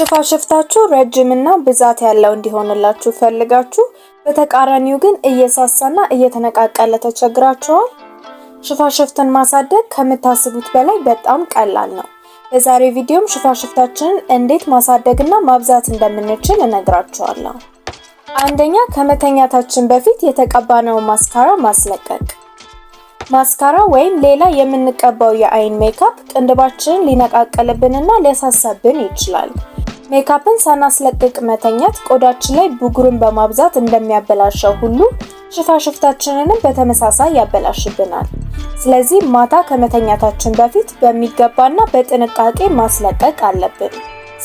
ሽፋሽፍታችሁ ረጅምና ብዛት ያለው እንዲሆንላችሁ ፈልጋችሁ፣ በተቃራኒው ግን እየሳሳና እየተነቃቀለ ተቸግራችኋል? ሽፋሽፍትን ማሳደግ ከምታስቡት በላይ በጣም ቀላል ነው። በዛሬ ቪዲዮም ሽፋሽፍታችንን እንዴት ማሳደግና ማብዛት እንደምንችል እነግራችኋለሁ። አንደኛ ከመተኛታችን በፊት የተቀባነውን ማስካራ ማስለቀቅ። ማስካራ ወይም ሌላ የምንቀባው የአይን ሜካፕ ቅንድባችንን ሊነቃቀልብንና ሊያሳሳብን ይችላል። ሜካፕን ሳናስለቅቅ መተኛት ቆዳችን ላይ ብጉርን በማብዛት እንደሚያበላሸው ሁሉ ሽፋሽፍታችንንም በተመሳሳይ ያበላሽብናል። ስለዚህ ማታ ከመተኛታችን በፊት በሚገባና በጥንቃቄ ማስለቀቅ አለብን።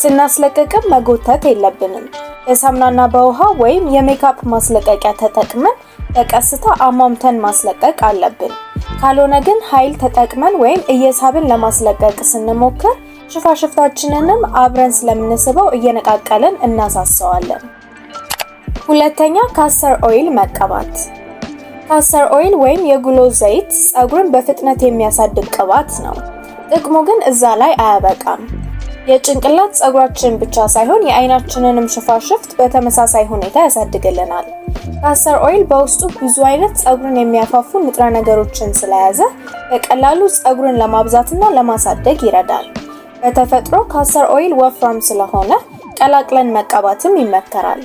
ስናስለቅቅም መጎተት የለብንም። በሳሙናና በውሃ ወይም የሜካፕ ማስለቀቂያ ተጠቅመን በቀስታ አሟምተን ማስለቀቅ አለብን። ካልሆነ ግን ኃይል ተጠቅመን ወይም እየሳብን ለማስለቀቅ ስንሞክር ሽፋሽፍታችንንም አብረን ስለምንስበው እየነቃቀልን እናሳሰዋለን። ሁለተኛ ካስተር ኦይል መቀባት። ካስተር ኦይል ወይም የጉሎ ዘይት ፀጉርን በፍጥነት የሚያሳድግ ቅባት ነው። ጥቅሙ ግን እዛ ላይ አያበቃም። የጭንቅላት ፀጉራችንን ብቻ ሳይሆን የአይናችንንም ሽፋሽፍት በተመሳሳይ ሁኔታ ያሳድግልናል። ካስተር ኦይል በውስጡ ብዙ አይነት ፀጉርን የሚያፋፉ ንጥረ ነገሮችን ስለያዘ በቀላሉ ፀጉርን ለማብዛትና ለማሳደግ ይረዳል። በተፈጥሮ ካስተር ኦይል ወፍራም ስለሆነ ቀላቅለን መቀባትም ይመከራል።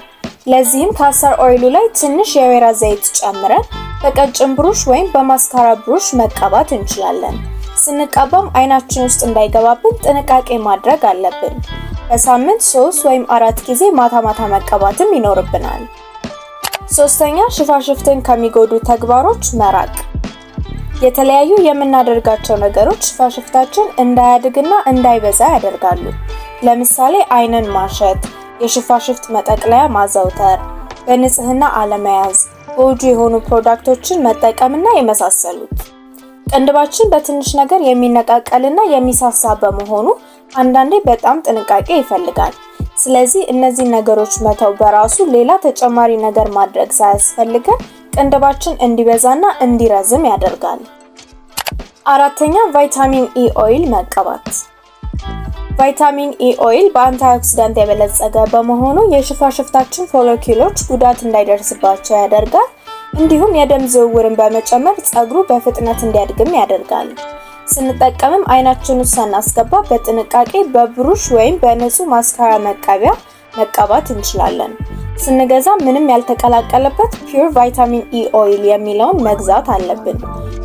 ለዚህም ካስተር ኦይሉ ላይ ትንሽ የወይራ ዘይት ጨምረን በቀጭን ብሩሽ ወይም በማስካራ ብሩሽ መቀባት እንችላለን። ስንቀባም አይናችን ውስጥ እንዳይገባብን ጥንቃቄ ማድረግ አለብን። በሳምንት ሶስት ወይም አራት ጊዜ ማታ ማታ መቀባትም ይኖርብናል። ሶስተኛ ሽፋሽፍትን ከሚጎዱ ተግባሮች መራቅ የተለያዩ የምናደርጋቸው ነገሮች ሽፋሽፍታችን እንዳያድግና እንዳይበዛ ያደርጋሉ። ለምሳሌ አይንን ማሸት፣ የሽፋሽፍት መጠቅለያ ማዘውተር፣ በንጽህና አለመያዝ፣ ጎጂ የሆኑ ፕሮዳክቶችን መጠቀምና የመሳሰሉት። ቅንድባችን በትንሽ ነገር የሚነቃቀልና የሚሳሳ በመሆኑ አንዳንዴ በጣም ጥንቃቄ ይፈልጋል። ስለዚህ እነዚህ ነገሮች መተው በራሱ ሌላ ተጨማሪ ነገር ማድረግ ሳያስፈልገን ቅንድባችን እንዲበዛና እንዲረዝም ያደርጋል። አራተኛ ቫይታሚን ኢ ኦይል መቀባት። ቫይታሚን ኢ ኦይል በአንቲኦክሲዳንት የበለጸገ በመሆኑ የሽፋሽፍታችን ፎሎኪሎች ጉዳት እንዳይደርስባቸው ያደርጋል። እንዲሁም የደም ዝውውርን በመጨመር ጸጉሩ በፍጥነት እንዲያድግም ያደርጋል። ስንጠቀምም አይናችን ውስጥ ሳናስገባ በጥንቃቄ በብሩሽ ወይም በንጹህ ማስካራ መቀቢያ መቀባት እንችላለን። ስንገዛ ምንም ያልተቀላቀለበት ፒውር ቫይታሚን ኢ e ኦይል የሚለውን መግዛት አለብን።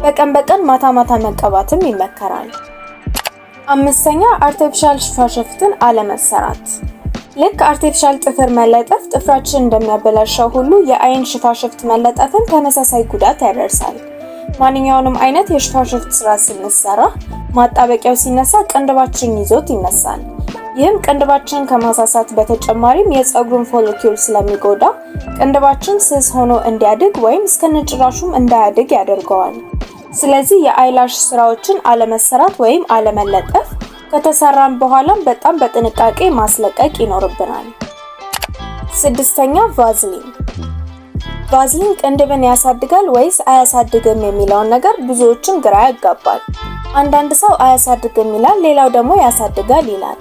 በቀን በቀን ማታ ማታ መቀባትም ይመከራል። አምስተኛ አርቲፊሻል ሽፋሽፍትን አለመሰራት። ልክ አርቲፊሻል ጥፍር መለጠፍ ጥፍራችን እንደሚያበላሸው ሁሉ የአይን ሽፋሽፍት መለጠፍን ተመሳሳይ ጉዳት ያደርሳል። ማንኛውንም አይነት የሽፋሽፍት ስራ ስንሰራ ማጣበቂያው ሲነሳ ቅንድባችን ይዞት ይነሳል። ይህም ቅንድባችንን ከማሳሳት በተጨማሪም የፀጉሩን ፎሎኪል ስለሚጎዳ ቅንድባችን ስስ ሆኖ እንዲያድግ ወይም እስከነጭራሹም እንዳያድግ ያደርገዋል። ስለዚህ የአይላሽ ስራዎችን አለመሰራት ወይም አለመለጠፍ፣ ከተሰራን በኋላም በጣም በጥንቃቄ ማስለቀቅ ይኖርብናል። ስድስተኛ ቫዝሊን። ቫዝሊን ቅንድብን ያሳድጋል ወይስ አያሳድግም የሚለውን ነገር ብዙዎችን ግራ ያጋባል። አንዳንድ ሰው አያሳድግም ይላል፣ ሌላው ደግሞ ያሳድጋል ይላል።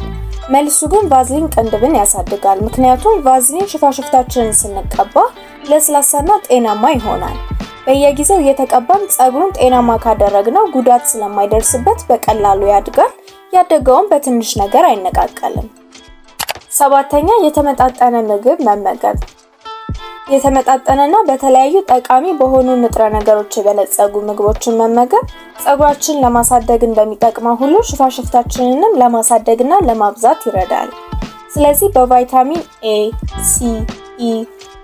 መልሱ ግን ቫዝሊን ቅንድብን ያሳድጋል። ምክንያቱም ቫዝሊን ሽፋሽፍታችንን ስንቀባ ለስላሳና ጤናማ ይሆናል። በየጊዜው እየተቀባን ጸጉሩን ጤናማ ካደረግነው ጉዳት ስለማይደርስበት በቀላሉ ያድጋል። ያደገውን በትንሽ ነገር አይነቃቀልም። ሰባተኛ የተመጣጠነ ምግብ መመገብ የተመጣጠነና በተለያዩ ጠቃሚ በሆኑ ንጥረ ነገሮች የበለጸጉ ምግቦችን መመገብ ጸጉራችን ለማሳደግ እንደሚጠቅመው ሁሉ ሽፋሽፍታችንንም ለማሳደግና ለማብዛት ይረዳል። ስለዚህ በቫይታሚን ኤ፣ ሲ፣ ኢ፣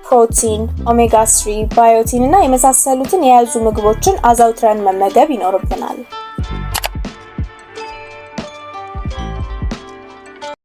ፕሮቲን፣ ኦሜጋ ስሪ፣ ባዮቲን እና የመሳሰሉትን የያዙ ምግቦችን አዘውትረን መመገብ ይኖርብናል።